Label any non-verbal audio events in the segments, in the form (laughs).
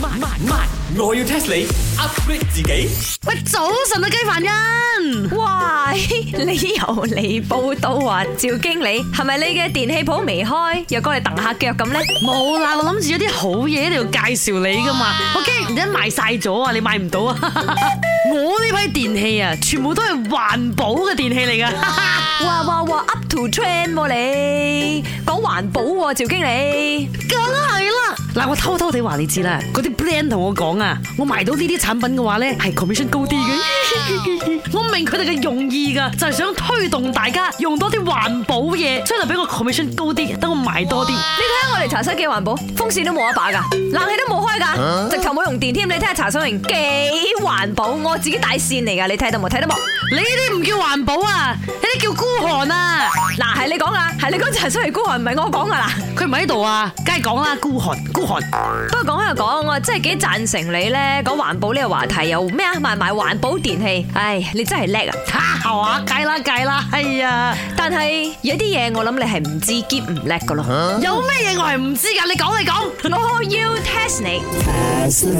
慢慢，我要 test 你 upgrade 自己。喂，早晨啊，雞凡欣，哇，你又嚟報到啊？趙經理，係咪你嘅電器鋪未開？又過嚟蹬下腳咁咧？冇啦，我諗住有啲好嘢一定要介紹你噶嘛。OK，而家賣晒咗啊，你買唔到啊？我呢批電器啊，全部都係環保嘅電器嚟噶。哇哇哇，up to trend 喎你，講環保喎，趙經理。梗係。嗱，我偷偷地話你知啦，嗰啲 brand 同我講啊，我賣到呢啲產品嘅話咧，係 commission 高啲嘅。我明佢哋嘅用意㗎，就係想推動大家用多啲環保嘢，所以就俾我 commission 高啲，等我賣多啲。你睇下我哋茶室幾環保，風扇都冇一把㗎，冷氣都冇開㗎。用電添，你睇下查生榮幾環保，我自己帶線嚟噶，你睇到冇？睇到冇？你呢啲唔叫環保啊，你啲叫孤寒啊！嗱，係你講啊，係你講查生榮孤寒，唔係我講噶，嗱，佢唔喺度啊，梗係講啦，孤寒，孤寒，不過講開又講，我真係幾贊成你咧，講環保呢個話題，又咩啊，賣賣環保電器，唉，你真係叻啊！下吓，計啦計啦，係啊！解了解了哎、但係有啲嘢我諗你係唔知兼唔叻噶咯，有咩嘢我係唔知噶、啊？你講你講，我要 test 你。測試你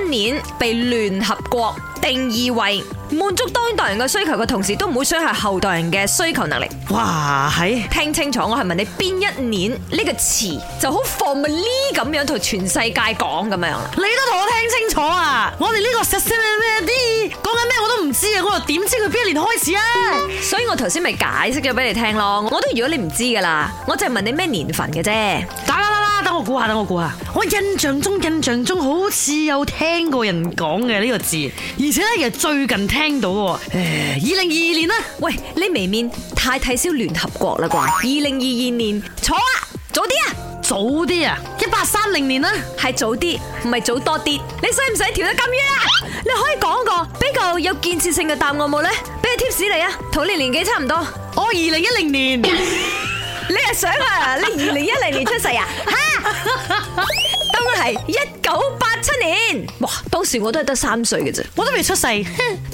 一年被聯合國定義為滿足當代人嘅需求嘅同時，都唔會傷害後代人嘅需求能力。哇，係聽清楚，我係問你邊一年呢個詞就好 formally 咁樣同全世界講咁樣。你都同我聽清楚啊！我哋呢個 setting 咩啲講緊咩，我都唔知啊！我又點知佢邊一年開始啊？嗯，所以我頭先咪解釋咗俾你聽咯。我都如果你唔知噶啦，我就係問你咩年份嘅啫。等我估下，等我估下。我印象中，印象中好似有聽過人講嘅呢個字，而且咧又最近聽到嘅。誒，二零二二年啦、啊。喂，你未免太睇少聯合國啦啩？二零二二年，坐啊，早啲啊，早啲啊，一八三零年啦，係早啲，唔係早多啲。你使唔使調得咁遠啊？你可以講個比較有建設性嘅答案冇咧？俾個貼士你啊，同你年紀差唔多。我二零一零年， (laughs) 你係想啊？你二零一零年出世啊？ (laughs) 都係一九八七年，哇！當時我都係得三歲嘅啫，我都未出世。 (laughs)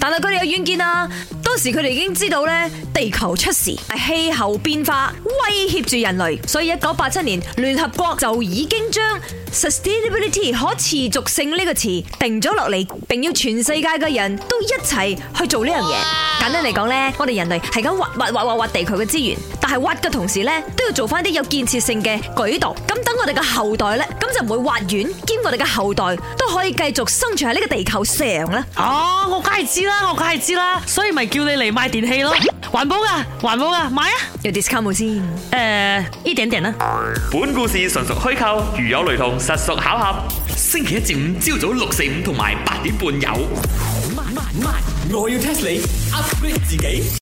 但係佢哋有遠見啦，當時佢哋已經知道咧，地球出事係氣候變化威脅住人類，所以一九八七年聯合國就已經將 sustainability 可持續性呢個詞定咗落嚟，並要全世界嘅人都一齊去做呢樣嘢。簡單嚟講咧，我哋人類係咁挖挖挖挖挖地球嘅資源。係挖嘅同時咧，都要做翻啲有建設性嘅舉動。咁等我哋嘅後代咧，咁就唔會挖完，兼我哋嘅後代都可以繼續生存喺呢個地球上啦。哦，我梗係知啦，我梗係知啦，所以咪叫你嚟賣電器咯。環保噶，環保噶，買啊！有 discount 冇先？誒，uh，一點點啦。本故事純屬虛構，如有雷同，實屬巧合。星期一至五朝早六四五同埋八點半有。賣賣賣！我要 test 你，upgrade 自己。